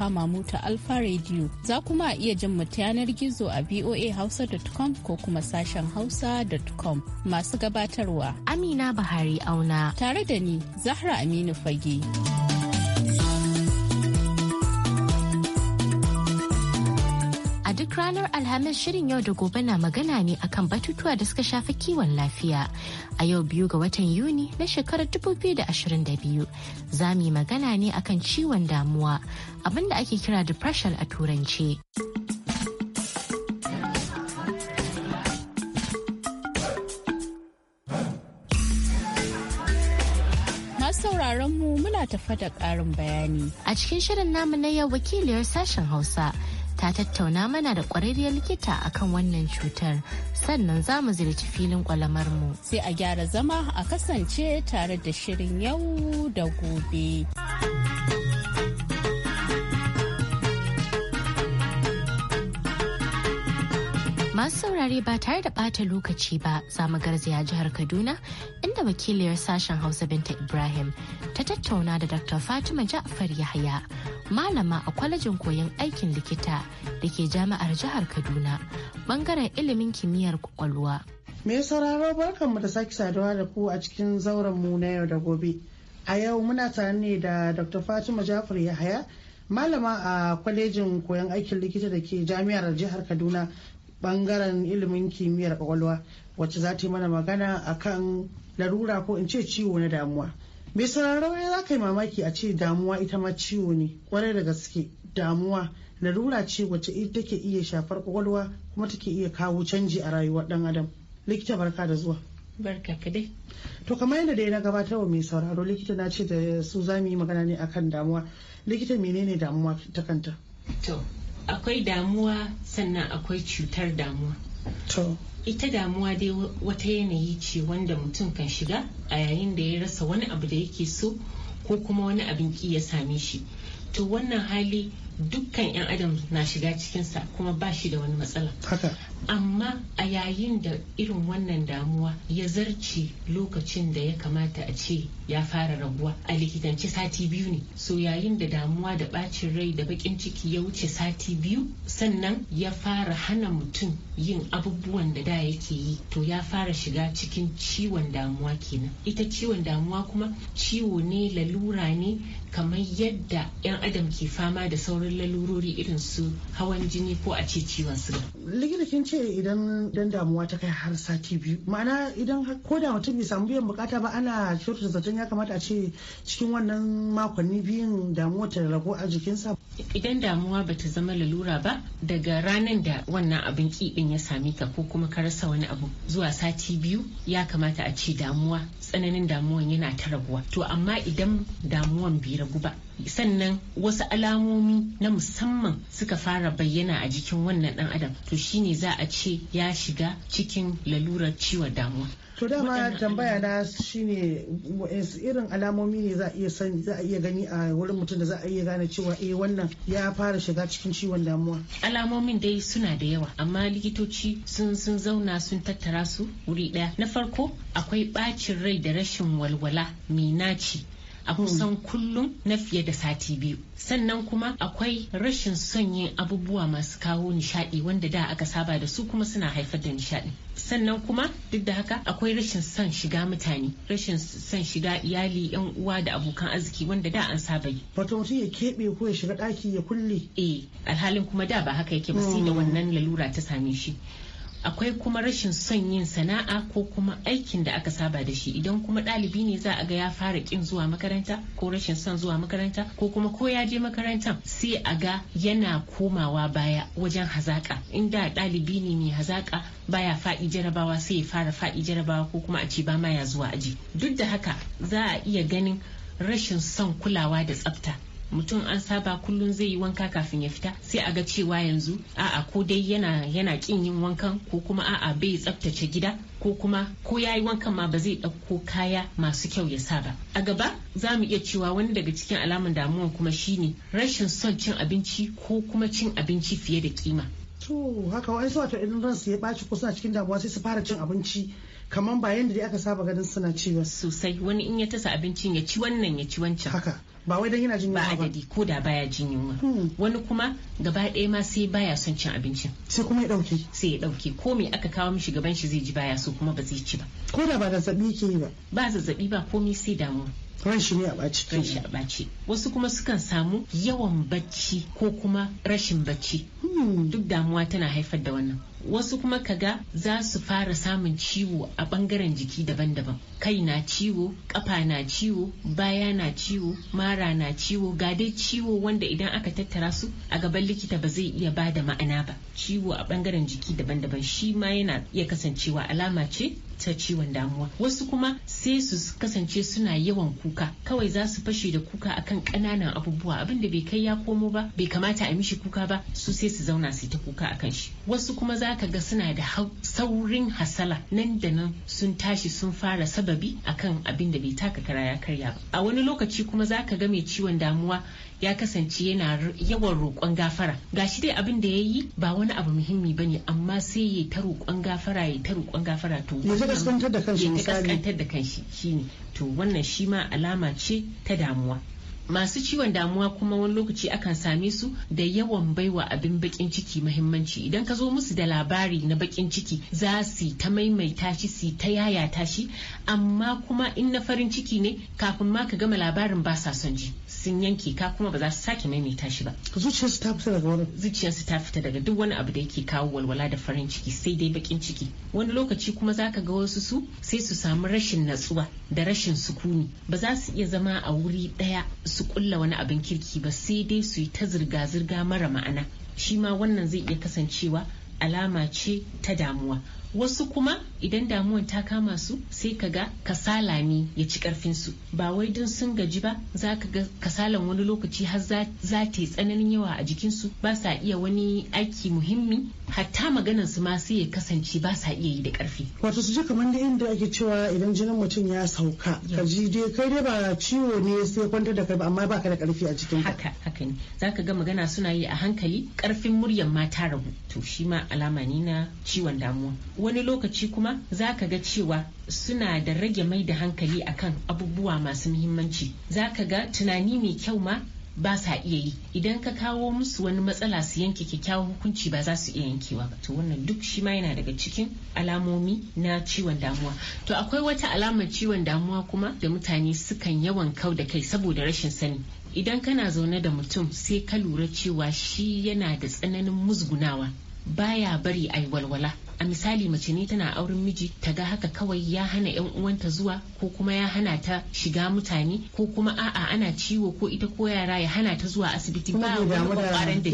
kama mu Alfa Radio. Za kuma a iya jin mu ta yanar gizo a voahausa.com ko kuma sashen hausa.com. Masu gabatarwa Amina Bahari Auna. Tare da ni Zahra Aminu Fage. duk ranar Alhamis shirin yau da gobe na magana ne akan batutuwa da suka shafi kiwon lafiya. A yau biyu ga watan Yuni na shekarar 2022 za mu yi magana ne akan ciwon damuwa abinda ake kira depression a turanci sauraron mu muna tafa da ƙarin bayani. A cikin shirin namu na yau wakiliyar sashen Hausa ta tattauna mana da kwararriyar likita akan wannan cutar sannan za mu ziyarci filin kwalamar mu sai a gyara zama a kasance tare da shirin yau da gobe. masu saurare ba tare da bata lokaci ba za mu garzaya jihar kaduna inda wakiliyar sashen hausa binta ibrahim ta tattauna da dr fatima ja'far yahaya malama a kwalejin koyon aikin likita da ke jami'ar jihar kaduna bangaren ilimin kimiyyar kwakwalwa me sauraro barkanmu da sake saduwa da ku a cikin zauren mu na yau da gobe a yau muna tare ne da dr fatima jafar yahaya malama a kwalejin koyon aikin likita da ke jami'ar jihar kaduna bangaren ilimin kimiyyar kwakwalwa wacce za ta yi mana magana akan larura ko in ce ciwo na damuwa mai sauraro ya za ka yi mamaki a ce damuwa ita ma ciwo ne kwarai da gaske damuwa na rura ce wacce ita take iya shafar kwakwalwa kuma take iya kawo canji a rayuwar dan adam likita barka da zuwa barka ka dai to kamar yadda dai na wa mai sauraro likita na ce da su za mu yi magana ne akan damuwa likita menene damuwa ta kanta to akwai damuwa sannan akwai cutar damuwa ita damuwa dai wata yanayi ce wanda mutum kan shiga a yayin da ya rasa wani abu da yake so ko kuma wani abin ki ya same shi to wannan hali dukkan 'yan adam na shiga cikinsa kuma ba shi da wani matsala amma a yayin da irin wannan damuwa ya zarce lokacin da ya kamata a ce ya fara raguwa a likitance sati biyu ne so yayin da damuwa da bacin rai da bakin ciki ya wuce sati biyu sannan ya fara hana mutum yin abubuwan da da yake yi to ya fara shiga cikin ciwon damuwa kenan ita ciwon damuwa kuma ciwo ne lalura ne kamar yadda 'yan adam ke fama da sauran lalurori irin su hawan jini ko a ce ciwon suga ce idan dan damuwa ta kai har sati biyu ma'ana idan ko da mutum bai samu biyan bukata ba ana kyautata zaton ya kamata a ce cikin wannan makonni biyun damuwa ta rago a jikinsa idan damuwa bata zama lalura ba daga ranar da wannan abin kibin ya same ka ko kuma ka rasa wani abu zuwa sati biyu ya kamata a ce damuwa tsananin damuwan yana ta raguwa to amma idan damuwan bai ragu ba sannan wasu alamomi na musamman suka fara bayyana a jikin wannan dan adam to shine za a ce ya shiga cikin lalurar ciwon damuwa to dama tambaya na shine irin alamomi ne za a iya gani a wurin mutum da za a iya gane cewa eh wannan ya fara shiga cikin ciwon damuwa alamomin dai suna da yawa amma likitoci sun sun zauna sun tattara su wuri daya na farko akwai bacin rai da rashin walwala mai naci a kusan kullum na fiye da sati biyu sannan kuma akwai rashin son yin abubuwa masu kawo nishadi wanda da aka saba da su kuma suna haifar da nishadi sannan kuma duk da haka akwai rashin son shiga mutane rashin son shiga iyali yan uwa da abokan arziki wanda da an saba yi wato mutum ya keɓe ko ya shiga ɗaki ya kulle eh alhalin kuma da ba haka yake ba sai da mm. wannan lalura ta same shi akwai kuma rashin son yin sana'a ko kuma aikin da aka saba da shi idan kuma ɗalibi ne za a ga ya fara ƙin zuwa makaranta ko rashin son zuwa makaranta ko kuma ko ya je makarantar sai a ga yana komawa baya wajen hazaƙa inda ɗalibi ne mai hazaƙa baya faɗi jarabawa sai ya fara faɗi jarabawa ko kuma a ce ba ma ya zuwa aji duk da haka za a iya ganin rashin son kulawa da tsafta mutum an saba kullum zai yi wanka kafin ya fita sai a ga cewa yanzu a'a ko dai yana yana kin yin wankan ko kuma a'a bai tsaftace gida ko kuma ko ya yi wankan ma ba zai ɗauko kaya masu kyau ya sa ba a gaba za mu iya cewa wani daga cikin alamun damuwa kuma shine rashin son cin abinci ko kuma cin abinci fiye da kima to haka wa'ansu wato idan ransu ya ɓaci ko suna cikin damuwa sai su fara cin abinci kamar ba yadda dai aka saba ganin suna ci sosai wani in ya tasa abincin ya ci wannan ya ci wancan haka ba wai dan yana jin yunwa ba adadi ko da baya jin yunwa hmm. wani kuma gaba ɗaya ma sai baya son cin abincin sai kuma ya dauke sai ya dauke ko me aka kawo mishi gaban shi zai ji baya so kuma ba zai ci ba ko da ba zazzabi ke ba ba zazzabi ba komai sai damuwa ranshi ne a ɓaci ranshi a ɓaci wasu kuma sukan samu yawan bacci ko kuma rashin bacci hmm. duk damuwa tana haifar da wannan wasu kuma kaga za su fara samun ciwo a ɓangaren jiki daban-daban kai na ciwo ƙafa na ciwo baya na ciwo mara mara na ciwo ga dai ciwo wanda idan aka tattara su a gaban likita ba zai iya ba da ma'ana ba ciwo a bangaren jiki daban-daban shi ma yana iya kasancewa alama ce ta ciwon damuwa wasu kuma sai su kasance suna yawan kuka kawai za su fashe da kuka akan ƙananan abubuwa abinda bai kai ya komo ba bai kamata a mishi kuka ba su sai su zauna su ta kuka akan shi wasu kuma za ka ga suna da saurin hasala nan da nan sun tashi sun fara sababi akan abin da bai taka kara ya karya ba a wani lokaci kuma za ka ga mai ciwon damuwa ya kasance yana yawan roƙon gafara gashi dai abin da ya yi ba wani abu muhimmi bane amma sai ya ta roƙon gafara ya ta roƙon gafara to ya ta kaskantar da kanshi shine to wannan shi ma alama ce ta damuwa masu ciwon damuwa kuma wani lokaci akan same su da yawan baiwa abin bakin ciki mahimmanci idan ka zo musu da labari na bakin ciki za su ta maimaita shi su ta yaya shi amma kuma in na farin ciki ne kafin ma ka gama labarin ba sa son ji sun yanke ka kuma ba za su sake maimaita shi ba zuciyarsu ta fita daga wani zuciyarsu ta fita daga duk wani abu da yake kawo walwala da farin ciki sai dai bakin ciki wani lokaci kuma za ka ga wasu su sai su samu rashin natsuwa da rashin sukuni ba za su iya zama a wuri ɗaya. su kulla wani abin kirki ba sai dai su yi ta zirga-zirga mara ma'ana shi ma wannan zai iya kasancewa alama ce ta damuwa wasu kuma idan damuwan ta kama su sai ka ga kasala ne ya ci karfin ba wai don sun gaji ba za ka ga kasalan wani lokaci har za ta yi tsananin yawa a jikinsu su ba sa iya wani aiki muhimmi hatta maganan su ma sai ya kasance ba sa iya yi da karfi wato su ji kamar da inda ake cewa idan jinin mutum ya sauka ka ji dai kai dai ba ciwo ne sai kwantar da kai ba amma ka da karfi a jikin haka haka ne za ka ga magana suna yi a hankali karfin muryan ma ta rabu to shi ma alama ne na ciwon damuwa wani lokaci kuma za ka ga cewa suna da rage mai da hankali a kan abubuwa masu muhimmanci za ka ga tunani mai kyau ma ba sa iya yi idan ka kawo musu wani matsala su yanke kyakkyawan hukunci ba za su iya yankewa ba to wannan duk shi ma yana daga cikin alamomi na ciwon damuwa to akwai wata alamar ciwon damuwa kuma da mutane sukan yawan kau da kai saboda rashin sani idan kana zaune da mutum sai ka lura cewa shi yana da tsananin musgunawa baya bari a yi walwala a misali mace ne tana auren miji ta ga haka kawai ya hana yan uwanta zuwa ko kuma ya hana ta shiga mutane ko kuma a'a ana ciwo ko ita ko yara ya hana ta zuwa asibiti ba wani kwakwaran da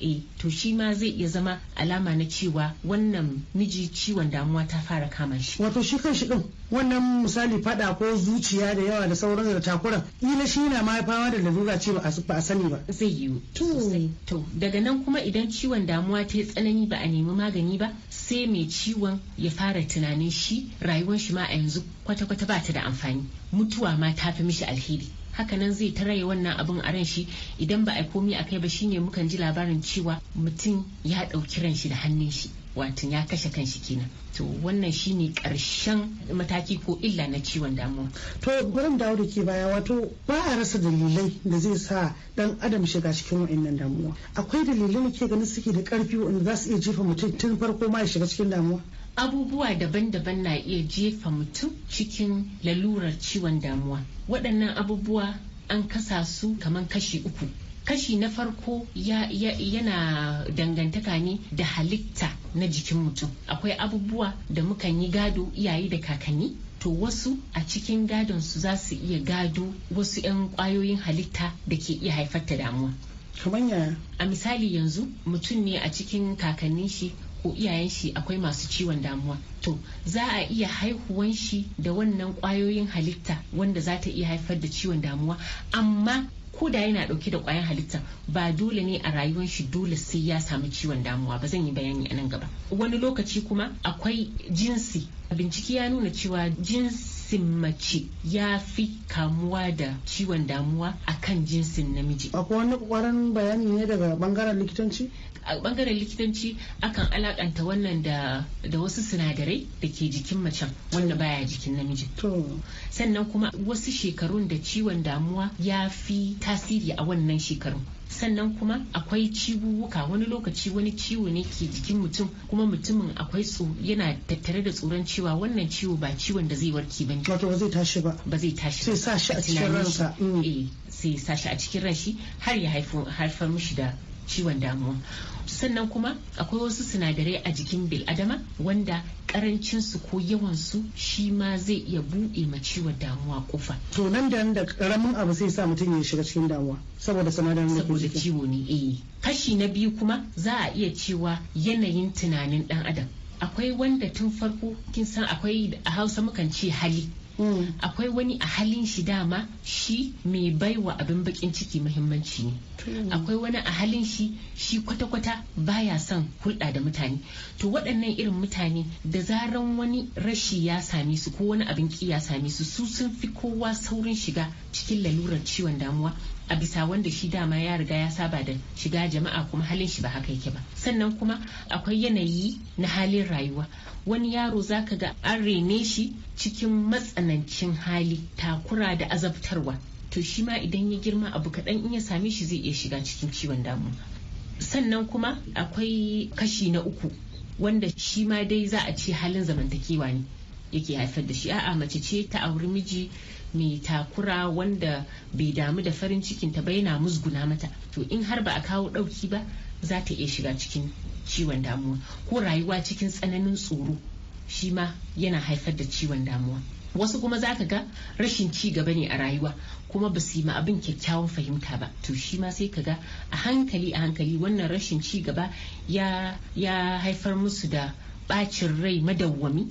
e to shi ma zai iya zama alama na cewa wannan miji ciwon damuwa ta fara kama shi wato shi kan shi din wannan misali fada ko zuciya da yawa da sauran da takuran ila shi na mahaifawa fama da lalura ce ba a sani ba zai yiwu to daga nan kuma idan ciwon damuwa ta yi tsanani ba a nemi magani ba sai mai ciwon ya fara tunanin shi rayuwar shi ma a yanzu kwata-kwata ba ta da amfani mutuwa ma ta fi mishi alheri hakanan zai ta raye wannan abun a ran shi idan ba a komi a kai ba shine mukan ji labarin cewa mutum ya ɗauki ran shi da hannun shi watan ya kashe kan shi kenan to wannan shine karshen mataki ko illa na ciwon damuwa to gurin dawo da ke baya wato ba a rasa dalilai da zai sa dan adam shiga cikin wa'annan damuwa akwai dalilai da ke ganin suke da karfi wanda za su iya jefa mutum tun farko ma ya shiga cikin damuwa abubuwa daban-daban na iya jefa mutum cikin lalurar ciwon damuwa waɗannan abubuwa an kasa su kamar kashi uku kashi na farko yana dangantaka ne da halitta na jikin mutum akwai abubuwa da mukan yi gado iyaye da kakanni to wasu a cikin gadon su za su iya gado wasu 'yan kwayoyin halitta da ke iya haifar da damuwa a misali yanzu mutum ne a cikin kakannin shi ko iyayen shi akwai masu ciwon damuwa to za a iya haihuwan shi da wannan kwayoyin halitta wanda za ta iya haifar da ciwon damuwa amma ko da yana dauke da kwayan halitta ba dole ne a rayuwar shi dole sai ya samu ciwon damuwa ba zan yi bayani a nan gaba wani lokaci kuma akwai jinsi bincike ya nuna cewa jinsin mace ya fi kamuwa da ciwon damuwa akan jinsin namiji akwai wani kwarin bayani ne daga bangaren likitanci a bangaren likitanci akan alakanta wannan da wasu sinadarai da ke jikin macen wanda baya jikin namiji sannan kuma wasu shekarun da ciwon damuwa ya fi tasiri a wannan shekarun sannan kuma akwai ciwuwuka wani lokaci wani ciwo ne ke jikin mutum kuma mutumin akwai tso yana tattare da tsoron cewa wannan ciwo ba ciwon da zai warke ba wato ba zai tashi ba ba zai tashi sai mm. eh, sa shi a cikin ransa sai sa shi a cikin ranshi har ya haifar mishi da ciwon damuwa sannan kuma akwai wasu sinadarai a jikin bil'adama wanda karancin su ko yawan su shi ma zai iya buɗe ma ciwon damuwa kofa to nan da da karamin abu zai sa mutum ya shiga cikin damuwa saboda sinadarin da saboda ciwo ne eh kashi na biyu kuma za a iya cewa yanayin tunanin dan adam akwai wanda tun farko kin san akwai a hausa mukan ce hali Mm. akwai wani a halin shi dama shi mai baiwa abin bakin ciki muhimmanci ne mm. akwai wani a halin shi shi kwata-kwata baya son hulɗa da mutane to waɗannan irin mutane da zaran wani rashi ya same su ko wani abin ki ya same su su sun fi kowa saurin shiga cikin lalurar ciwon damuwa a bisa wanda shi dama ya riga ya saba da shiga jama'a kuma halin shi ba haka yake ba sannan kuma akwai yanayi na halin rayuwa wani yaro zaka ga an rene shi cikin matsanancin hali takura da azabtarwa to shi ma idan ya girma abu kaɗan in ya same shi zai iya shiga cikin ciwon damuwa sannan kuma akwai kashi na uku wanda shi ma dai za a ce halin zamantakewa ne yake haifar da shi a'a mace ce ta auri miji mai takura wanda bai damu da farin cikin ta ba yana musguna mata to in har ba a kawo ɗauki ba za ta iya shiga cikin ciwon damuwa ko rayuwa cikin tsananin tsoro shi ma yana haifar da ciwon damuwa wasu kuma za ka ga rashin ci gaba ne a rayuwa kuma ba su yi ma abin kyakkyawan fahimta ba to shi ma sai ka ga a hankali a hankali wannan rashin ci gaba ya haifar musu da bacin rai madawwami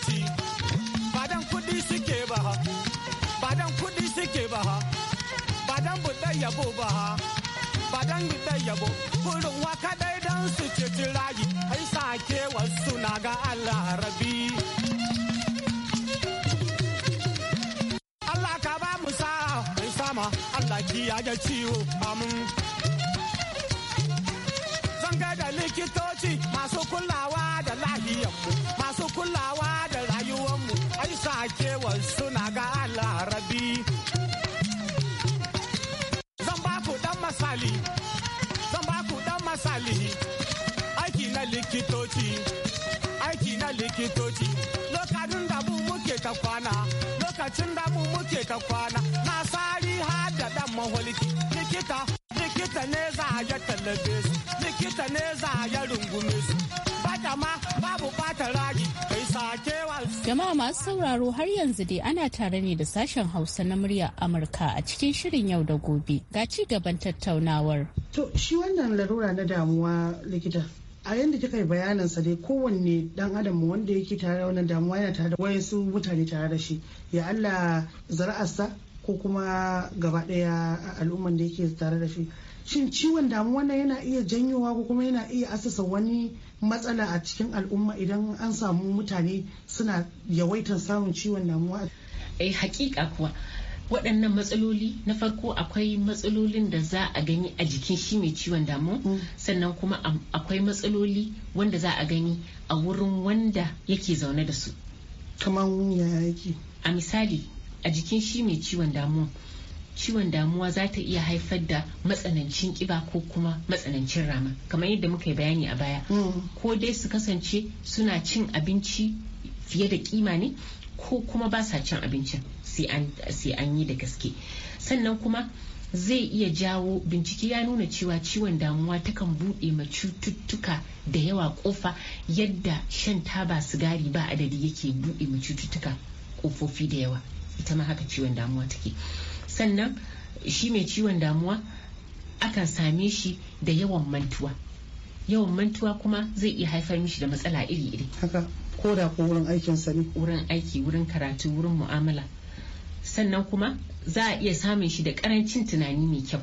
fitar yabo ba ha ba dan fitar yabo kurin waka dai dan su ceci rayi ai sake wasu na ga Allah rabi Allah ka ba mu sa mai sama Allah ki ya kiyaye ciwo amin ga da likitoci masu kulawa da lahiyanmu masu kulawa da rayuwar mu, ai sake wasu lokacin da mu muke ta kwana lokacin da mu muke ta kwana na sari har da dan maholiki likita likita ne za a ya talabe su likita ne za a ya rungume su bata ma babu bata ragi kai sakewa jama'a masu sauraro har yanzu dai ana tare ne da sashen hausa na murya amurka a cikin shirin yau da gobe ga ci gaban tattaunawar to shi wannan larura na damuwa likita a yadda kika yi bayanin sa dai kowanne dan adam wanda yake tare da wannan damuwa yana tare da wayansu mutane tare da shi ya Allah zara'arsa ko kuma gaba daya al'umman da yake tare da shi shin ciwon damuwa nan yana iya janyowa ko kuma yana iya asasa wani matsala a cikin al'umma idan an samu mutane suna yawaitar samun ciwon damuwa eh hakika kuwa waɗannan matsaloli na farko akwai matsalolin da za a gani a jikin shi mai ciwon damu mm. sannan kuma akwai matsaloli wanda za a gani a wurin wanda yake zaune da su kamar ya yake a misali a jikin shi mai ciwon damuwa ciwon damuwa za ta iya haifar da matsanancin kiba ko kuma matsanancin rama kamar yadda muka yi bayani a baya mm. ko dai su kasance suna cin abinci fiye da kima ne ko kuma ba sa cin abincin sai an yi da gaske sannan kuma zai iya jawo bincike ya nuna cewa ciwon damuwa takan buɗe ma cututtuka da yawa kofa yadda shan taba sigari ba adadi yake buɗe ma cututtuka kofofi da yawa ita ma haka ciwon damuwa take sannan shi mai ciwon damuwa akan same shi da yawan mantuwa yawan mantuwa kuma zai iya haifar mishi da matsala iri-iri ko da ko wurin aikinsa ne wurin aiki wurin karatu wurin mu'amala sannan kuma za a iya samun shi da karancin tunani mai kyau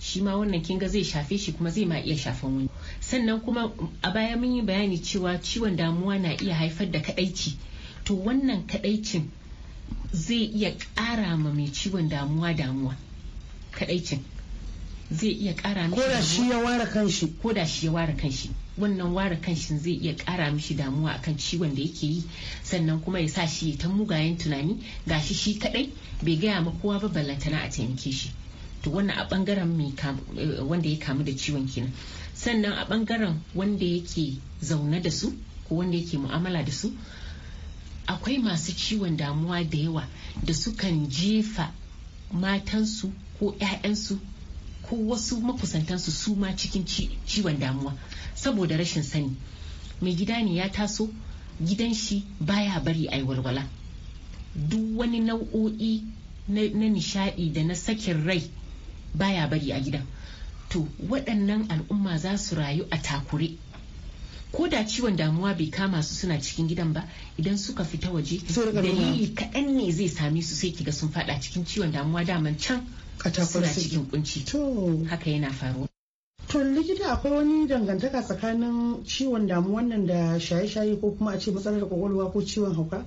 shi ma wannan kinga zai shafe shi kuma zai ma iya shafan wani sannan kuma a baya mun yi bayani cewa ciwon damuwa na iya haifar da kadaici to wannan kadaicin zai iya ƙara ma mai ciwon damuwa damuwa kadaicin zai iya kara mishi koda shi ya ware kanshi koda shi ya ware kanshi wannan ware kanshin zai iya kara mishi damuwa akan ciwon da yake yi sannan kuma ya sa shi ta mugayen tunani gashi shi kadai bai gaya ma kowa ba ballantana a taimake shi to wannan a bangaren eh, wanda ya kamu da ciwon kenan sannan a bangaren wanda yake zaune da su ko wanda yake mu'amala da su akwai masu ciwon damuwa da yawa da sukan jefa matansu ko 'ya'yansu ko wasu makusantansu su ma cikin ciwon damuwa saboda rashin sani mai gida ne ya taso gidan shi baya bari a yi walwala duk wani nau'o'i na nishadi da na sakin rai baya bari a gidan to waɗannan al'umma za su rayu a takure ko da ciwon damuwa bai kama su suna cikin gidan ba idan suka fita waje dalili kaɗan ne zai same su sai kiga sun fada cikin ciwon damuwa daman can katakon cikin kunci to haka yana faruwa To likita akwai wani dangantaka tsakanin ciwon damuwan nan da shaye-shaye ko kuma a ce matsalar kwakwalwa ko ciwon hauka?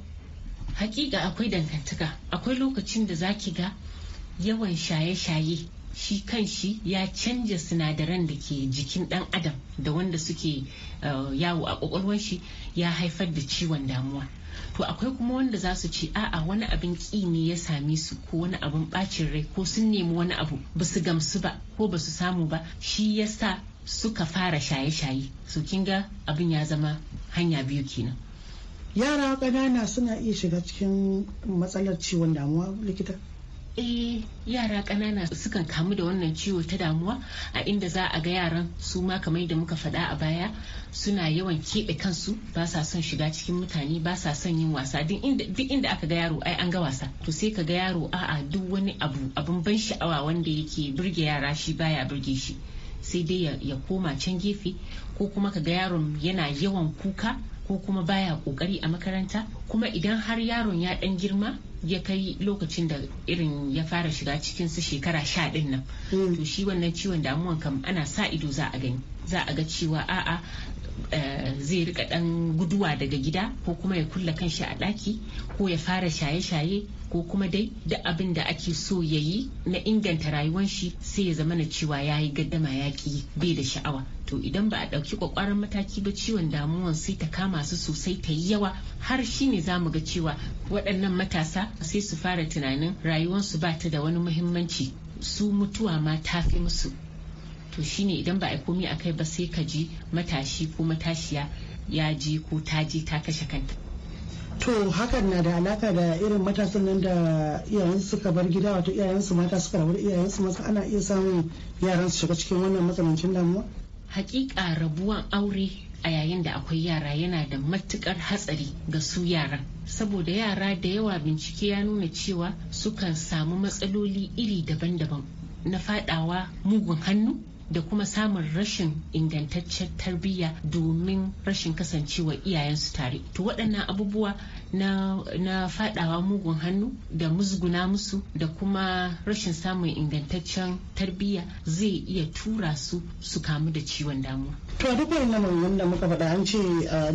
Hakika akwai dangantaka. Akwai lokacin da zaki ga yawan shaye-shaye shi kan shi ya canja sinadaran da ke jikin dan adam da wanda suke eh, yawo a kwakwalwar shi ya haifar da ciwon damuwa. to akwai kuma wanda za su ce a'a wani abin ƙi ne ya same su ko wani abin bacin rai ko sun nemi wani abu ba su gamsu ba ko ba su samu ba shi ya sa suka fara shaye-shaye su ga abin ya zama hanya biyu kenan yara ƙanana suna iya shiga cikin matsalar ciwon damuwa likita eh yara ƙanana sukan kamu da wannan ciwo ta damuwa a inda za a ga yaran su ma kamar yadda muka faɗa a baya suna yawan keɓe kansu ba sa son shiga cikin mutane ba sa son yin wasa duk inda aka ga yaro ai an ga wasa to sai ka ga yaro a'a duk wani abu abin ban sha'awa wanda yake burge yara shi baya burge shi sai dai ya koma can gefe ko kuma ka ga yaron yana yawan kuka ko kuma baya kokari a makaranta kuma idan har yaron ya dan girma ya kai lokacin da irin ya fara shiga cikin su shekara sha din nan mm. to shi wannan ciwon damuwan kam ana sa ido za a gani za a ga cewa a'a Eh, zai rika dan guduwa daga gida ko kuma ya kulla kanshi a daki ko ya fara shaye-shaye ko kuma dai da abin da ake so ya yi na inganta rayuwar shi sai ya zama na cewa ya yi gaddama yaƙi bai da sha'awa to idan ba a ɗauki kwakwaran mataki ba ciwon damuwan sai ta kama su sosai ta yi yawa har shi ne za mu ga cewa waɗannan matasa sai su fara tunanin rayuwarsu ba ta da wani muhimmanci su mutuwa ma ta fi musu to shine idan ba a komi a kai ba sai ka ji matashi ko matashiya ya ji ko ta ji ta kashe kanta to hakan na da alaka da irin matasan nan da iyayen suka bar gida wato iyayen su mata suka rabu da iyayen su masu ana iya samun yaran su shiga cikin wannan matsanancin damuwa hakika rabuwan aure a yayin da akwai yara yana da matukar hatsari ga su yaran saboda yara da yawa bincike ya nuna cewa sukan samu matsaloli iri daban-daban na fadawa mugun hannu da kuma samun rashin ingantaccen tarbiyya domin rashin kasancewa iyayensu tare to waɗannan abubuwa na, na fadawa mugun hannu da musguna musu da kuma rashin samun ingantaccen tarbiyya zai iya tura su su kamu da ciwon damuwa to duk wannan maganganun da muka faɗa an ce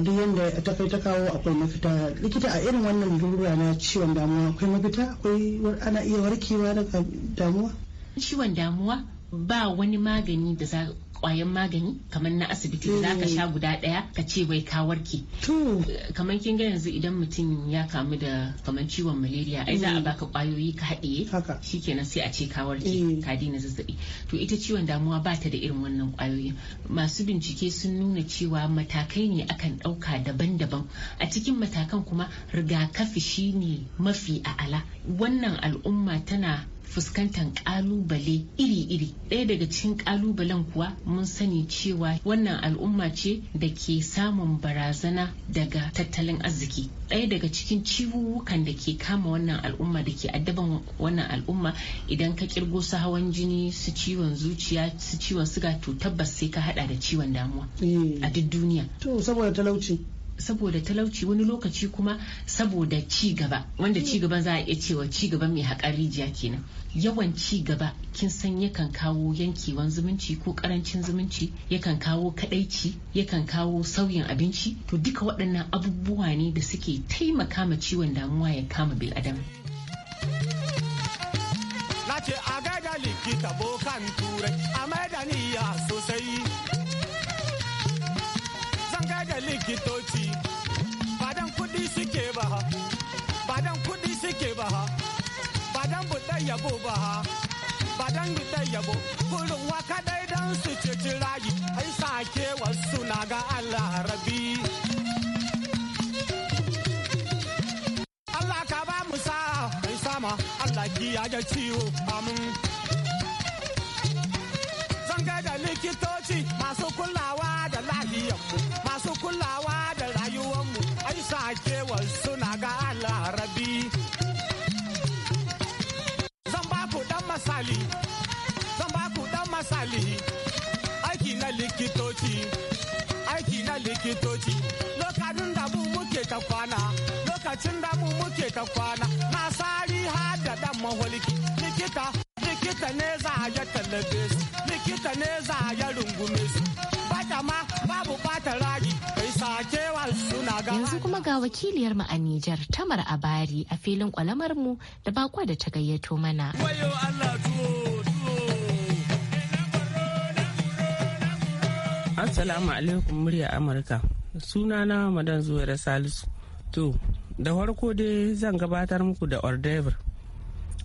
duk yanda ta kai ta kawo akwai mafita likita a irin wannan lura na ciwon damuwa akwai mafita akwai ana iya warkewa daga damuwa ciwon damuwa ba wani magani da za kwayan magani kamar na asibiti za ka mm. sha guda daya ka ce wai kawar ki. Eh, kamar kin ga yanzu idan mutum ya kamu da kamar ciwon malaria ai za a mm. baka kwayoyi ka haɗiye shikenan sai a ce kawar ki. Mm. ka daina zazzabi to ita ciwon damuwa ba ta da irin wannan kwayoyi masu bincike sun nuna cewa matakai ne akan ɗauka daban-daban a cikin matakan kuma rigakafi shine mafi a'ala wannan al'umma tana fuskantar ƙalubale iri-iri ɗaya daga cikin ƙalubalen kuwa mun sani cewa wannan al'umma ce da ke samun barazana daga tattalin arziki ɗaya daga cikin ciwuwukan da ke kama wannan al'umma da ke addaban wannan al'umma idan ka kirgo su hawan jini su ciwon zuciya su ciwon suga to tabbas sai ka hada da ciwon damuwa eh. a duk duniya to saboda talauci saboda talauci wani lokaci kuma saboda ci gaba wanda mm. ci gaba za a iya cewa ci gaba mai haƙar rijiya kenan yawan ci gaba kin san yakan kawo yankewan zumunci ko karancin zumunci yakan kawo kadaici yakan kawo sauyin abinci to duka waɗannan abubuwa ne da suke taimaka ma ciwon damuwa ya kama bil adam likita bokan turai a yabo ba ha ba dan ta yabo kurin waka dai dan su ci rayu ai sake wasu na ga Allah rabi Allah ka ba mu sa mai sama Allah ki ya ga ciwo amin zan ga da likitoci masu kulawa da lahiyarmu masu kulawa da rayuwar mu, ai sake wasu kwana lokacin da mu muke ta kwana na sari har da dan maholiki likita likita ne za a ya tallabe likita ne za a ya rungume su ma babu bata ragi kai sakewar suna ga yanzu kuma ga wakiliyar mu a Nijar Tamar Abari a filin kwalamar mu da bakwa da ta gayyato mana wayo Allah Assalamu alaikum murya Amurka sunana madan zuwa salisu to da farko dai zan gabatar muku da ordever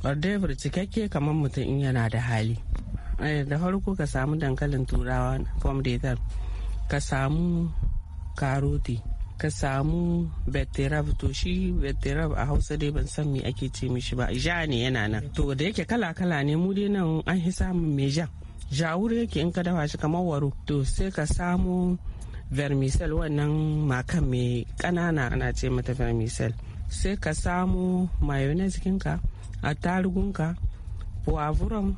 ordevir cikakke kamar mutum in yana da hali eh, da farko ka samu dankalin turawa fomdator ka samu karoti ka samu beterab to shi beterab a hausa dai ban san me ake ce mishi ba ja ne yana nan to da yake kala kala ne mu dai nan an fi samun mai ja jawur yake in ka dafa shi kamar waro to sai ka samu vermicell wannan makan mai kanana ana ce mata vermicell sai ka samu mayonnaise kinka attarugunka puwavuron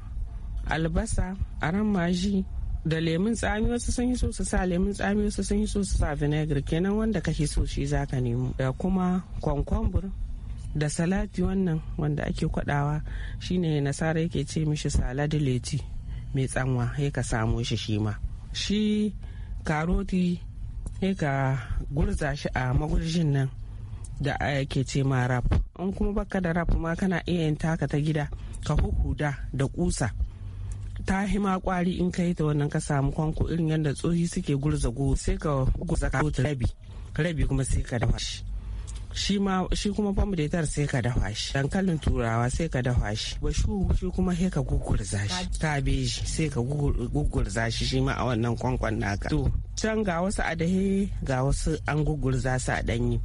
albasa aran maji da lemun tsami wasu sun yi so su sa lemun tsami wasu sun yi so su sa vinegar kenan wanda kake so shi ka nemo da kuma kwankwambur da salati wannan wanda ake kwadawa shine nasara yake ce mishi salad leti mai tsanwa ya ka samo shi shi ma shi karoti sai ka gurza shi a magurjin nan da ke ce ma rap in kuma baka da rap ma kana iya yin taka ta gida ka huhuda da kusa ta hima kwari in ka yi ta wannan ka samu kwanko irin yadda tsohi suke gurza go sai ka gurza ka rabi rabi kuma sai ka dafa shi shi ma shi kuma pomidator sai ka dafa shi dankalin turawa sai ka dafa shi bashu shi kuma sai ka gugurza shi kabeji sai ka gugurza shi shi ma a wannan kwankwan naka to can ga wasu a dahe ga wasu an gugurza su a danyi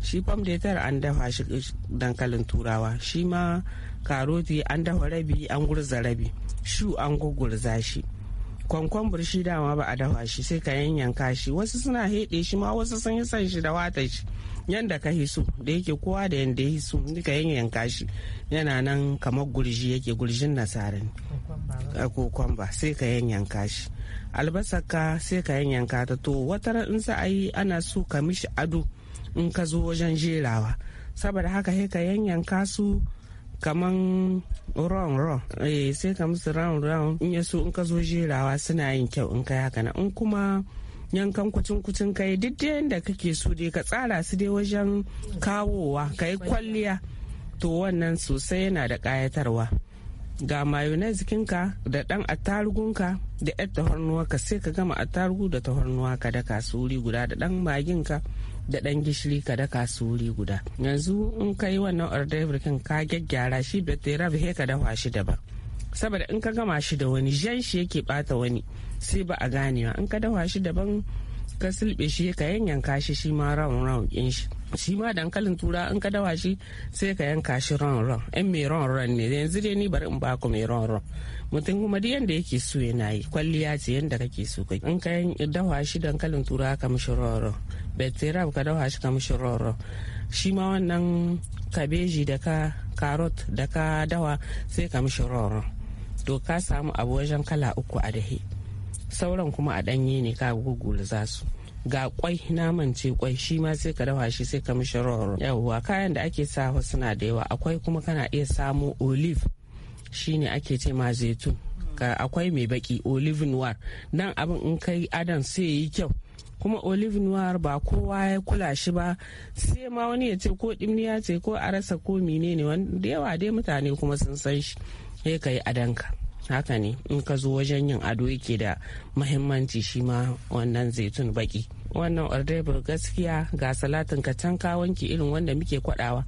shi pomidator an dafa shi dankalin turawa shi ma karoti an dafa rabi an gurza rabi shu an gugurza shi kwankwan burshi dama ba a dafa shi sai ka yanyanka shi wasu suna heɗe shi ma wasu sun yi san shi da wata shi yanda ka hiso da yake kowa da yanda ya hiso duka yanka shi yana nan kamar gurji yake gurjin nasara ne a kokon ba sai ka yanka shi albasar ka sai ka yanka ta to wata in za a yi ana so ka mishi ado in ka zo wajen jerawa saboda haka sai ka yanka su kaman round round eh, sai ka musu round round in ya so in ka zo jerawa suna yin kyau in ka yi haka na in kuma yankan kucin kucin kai duk da yadda kake so dai ka tsara su dai wajen kawowa ka yi kwalliya to wannan sosai yana da kayatarwa ga mayonnaise kinka da ɗan ka da yar ka sai ka gama attarugu da tahornuwa ka daka su wuri guda da ɗan maginka da ɗan gishiri ka daka su wuri guda yanzu in ka yi wannan ordever kin ka gyaggyara shi tera he ka dafa shi daban saboda in ka gama shi da wani jan shi yake bata wani sai ba a gane in ka dawa shi daban ka silbe shi ka yanyanka shi shi ma ran ran ɗin shi shi ma dankalin tura in ka dawa shi sai ka yanka shi ran ran yan mai ran ran ne yanzu dai ni bari in ba ku mai ran ran mutum kuma duk yanda yake so yana yi kwalliya ce yanda kake so kai in ka dawa shi dankalin tura ka mishi ran ran betterab ka dawa shi ka mishi ran ran shi ma wannan kabeji da ka carrot da ka dawa sai ka mishi ran ran to ka samu abu wajen kala uku a dahi sauran kuma a ɗanye ne ka gugula za su ga kwai naman ce kwai shi ma sai ka dafa shi sai ka mishi roro yawwa kayan da ake sawa suna da yawa akwai kuma kana iya samo olive shine ake ce ma zaitun akwai mai baki olive noir nan abin in kai adon sai yi kyau kuma olive noir ba kowa ya kula shi ba sai ma wani ya ce ko dimniya ce ko a rasa ko menene wanda yawa dai mutane kuma sun san shi sai ka yi adanka haka ne in ka zo wajen yin ado yake da mahimmanci shi ma wannan zaitun baki wannan ordebur gaskiya ga salatin ka can ka wanke irin wanda muke kwadawa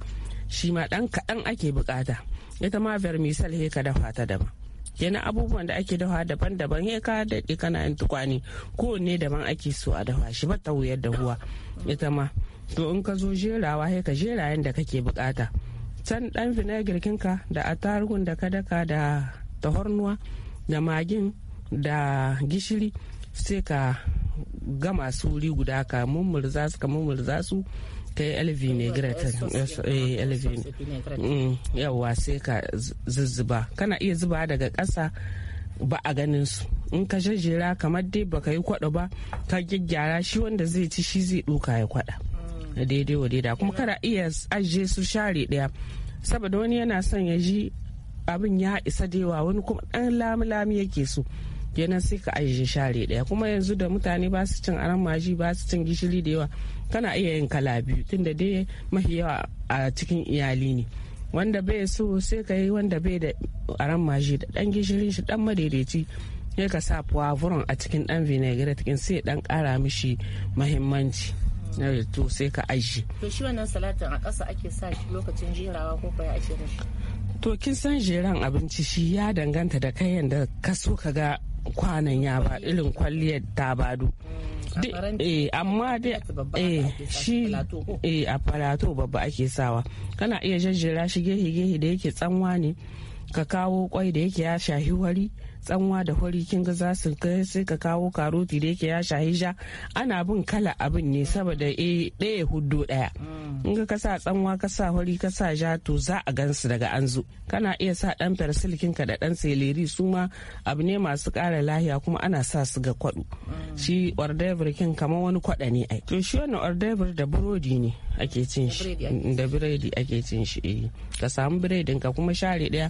shi ma dan kaɗan ake bukata ita ma vermicell he ka dafa ta daban yana abubuwan da ake dafa daban-daban he ka daɗe kana yin tukwane kowanne daban ake so a dafa shi ba ta wuyar da ruwa ita ma to in ka zo jerawa he ka jera yadda kake bukata can dan vinegar kinka da attarugun da ka daka da tahornuwa da magin da gishiri sai ka gama su wuri guda ka mummurza su ka mummurza su ka yi elvi negratin eh, mm, yawa sai ka zuzzuba kana iya zuba daga kasa ba a ganin su in ka jajjera kamar dai baka yi kwaɗo ba ka gyaggyara shi wanda zai ci shi zai ɗuka ya kwaɗa daidai wa daidai kuma mm. kana iya ajiye su share ɗaya saboda wani yana son ya ji abin ya isa da yawa wani kuma dan lamulami yake so kenan sai ka ajiye share daya kuma yanzu da mutane ba su cin aran maji ba su cin gishiri da yawa kana iya yin kala biyu tunda dai mafi yawa a cikin iyali ne wanda bai so sai ka yi wanda bai da aran maji da dan gishirin shi dan madaidaici sai ka sa puwavuron a cikin dan vinaigrette kin sai dan kara mishi mahimmanci. na eh, to sai ka aji. To shi wannan salatin a ƙasa ake sa shi lokacin jerawa ko kai ake da to kin san jeran abinci shi ya danganta da kai yadda ka so ka ga kwanan ya ba irin kwalliyar ta bado eh, amma dai eh, shi eh, a falato babba ake sawa kana iya jejjera shi gehe-gehe da yake tsanwa ne ka kawo kwai da yake ya shahi wari tsanwa da hori kin ga zasu kai sai ka kawo karoti da yake ya shahi sha ana bin kala abin ne saboda eh ɗaya hudu ɗaya mm. in ka sa tsanwa ka sa hori ka sa ja to za a gansu daga an kana iya sa ɗan persilkin ka da ɗan seleri su ma abu ne masu ƙara lahiya kuma ana sa su ga kwaɗo mm. shi ordever kin kamar wani kwaɗa ne ai to shi wannan ordever da burodi ne ake cin shi da biredi ake cin shi eh. ka samu biredin ka kuma share ɗaya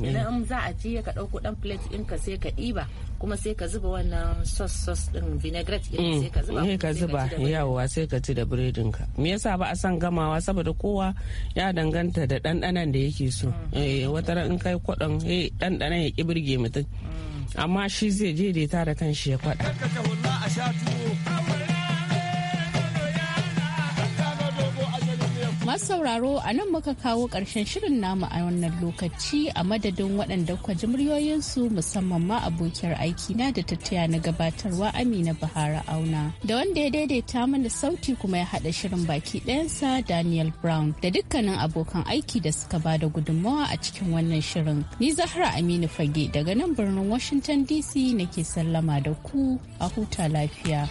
kenan in za a ci ka ɗauko ɗan plate ɗin ka sai ka ɗiba kuma sai ka zuba wannan sauce sauce ɗin vinaigrette ɗin sai ka zuba mm, sai sai ka ci da biredin ka me yasa ba a san gamawa saboda kowa ya danganta da ɗanɗanan da yake so mm. eh, wata in kai kwaɗon ɗanɗanan ya ƙi birge mutum mm. amma shi zai je da kanshi ya faɗa. Masu sauraro a nan muka kawo ƙarshen shirin namu a wannan lokaci a madadin waɗanda kwa ji muryoyinsu musamman ma abokiyar aiki na da tattaya na gabatarwa Amina Bahara Auna. Da wanda ya daidaita mana sauti kuma ya haɗa shirin baki ɗayansa Daniel Brown da dukkanin abokan aiki da suka ba da gudunmawa a cikin wannan shirin. Ni Zahra Aminu Fage daga nan birnin Washington DC nake sallama da ku a huta lafiya.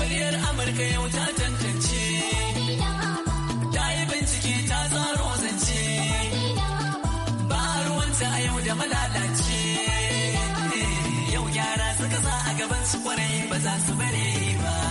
Muryar Amurka yau ta tantance. take ta tsaro zance ba ruwanta a yau da malalace eh, yau gyara suka sa a gaban su kwarai ba za su bare ba